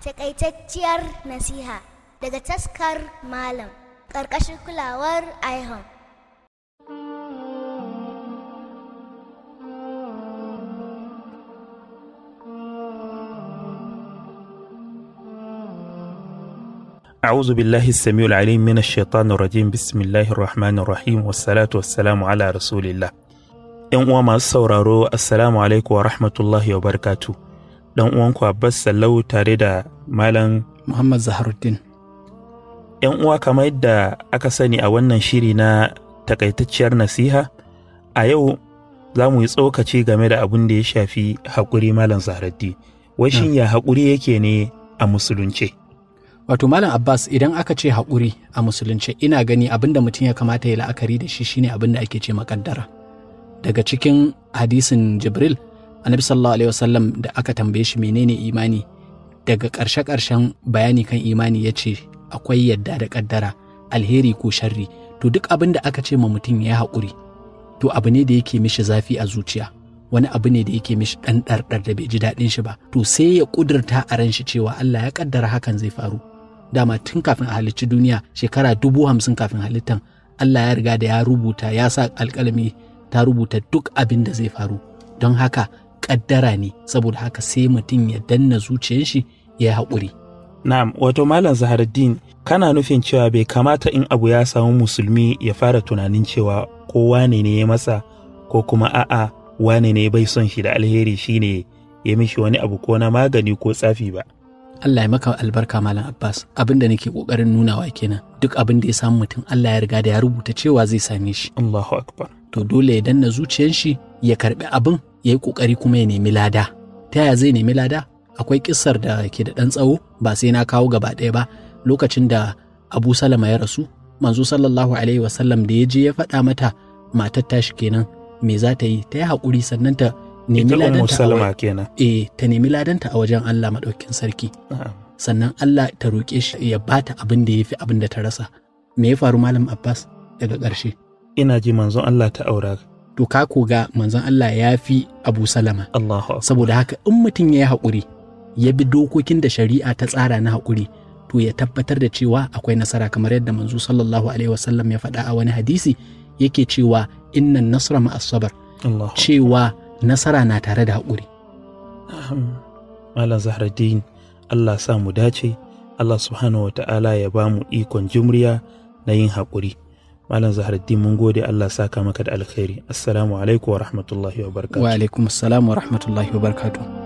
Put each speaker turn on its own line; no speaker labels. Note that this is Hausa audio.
Takaitacciyar nasiha daga taskar Malam ƙarƙashin
kulawar IHOM. أعوذ بالله السميع العليم من الشيطان الرجيم بسم الله الرحمن الرحيم والصلاة والسلام على رسول الله. إن وما masu السلام عليكم ورحمة الله وبركاته ɗan uwanku Abbas Sallau tare da Malam Muhammad Zaharuddin. ‘Yan uwa kamar yadda aka sani a wannan shiri na takaitacciyar nasiha, a yau za mu yi tsokaci game da abin da ya shafi haƙuri Malam Zaharuddin. Wai shin hmm. ya haƙuri yake ne a musulunce? Wato Malam Abbas idan aka ce haƙuri a musulunce ina gani
abin da mutum ya kamata ya la'akari da shi shine abin da ake ce makaddara. Daga cikin hadisin Jibril, annabi sallallahu alaihi wasallam da aka tambaye shi menene imani daga ƙarshe ƙarshen bayani kan imani ya ce akwai yadda da kaddara alheri ko sharri to duk abin da aka ce ma mutum ya haƙuri to abu ne da yake mishi zafi a zuciya wani abu ne da yake mishi ɗan ɗarɗar da bai ji daɗin shi ba to sai ya ƙudurta a ran shi cewa Allah ya kaddara hakan zai faru dama tun kafin a halicci duniya shekara dubu hamsin kafin halittan Allah ya riga da ya rubuta ya sa alƙalami ta rubuta duk abin da zai faru don haka kaddara ne saboda haka sai mutum ya danna zuciyar shi ya
haƙuri. Na'am, wato Malam Zaharuddin kana nufin cewa bai kamata in abu ya samu musulmi ya fara tunanin cewa ko wane ne ya masa ko kuma a'a wane ne bai son shi da alheri shine ya mishi wani abu ko na magani ko tsafi ba.
Allah ya maka albarka Malam Abbas abin da nake kokarin nunawa kenan duk abin da ya samu mutum Allah ya riga da ya rubuta cewa zai same shi. Allahu Akbar. To dole ya danna zuciyar shi ya karbi abin ya yi ƙoƙari kuma ya nemi lada ta yaya zai nemi lada akwai kissar da ke da ɗan tsawo ba sai na kawo gaba ɗaya ba lokacin da abu salama ya rasu manzo sallallahu alaihi wasallam da ya je ya faɗa mata matar tashi kenan me za ta yi ta yi haƙuri sannan ta nemi ladanta a eh ta nemi ladanta a wajen Allah maɗaukin sarki sannan Allah ta roƙe shi ya bata abin da ya fi abin da ta rasa me ya faru malam Abbas daga ƙarshe ina ji manzon Allah ta aura to ka koga manzon Allah ya fi Abu Salama saboda haka in mutum ya yi haƙuri ya bi dokokin da shari'a ta tsara na haƙuri to ya tabbatar da cewa akwai nasara kamar yadda manzo sallallahu alaihi wasallam ya faɗa a wani hadisi yake cewa innan nasra ma'as sabar cewa nasara na tare da haƙuri
Malam Zahraddin Allah sa mu dace Allah subhanahu wa ta'ala ya ba mu ikon jumriya na yin haƙuri Malam Zaharaddin mun gode Allah saka maka da alkhairi. Assalamu alaikum wa rahmatullahi wa barakatuh. Wa
alaikum assalam wa rahmatullahi wa barakatuh.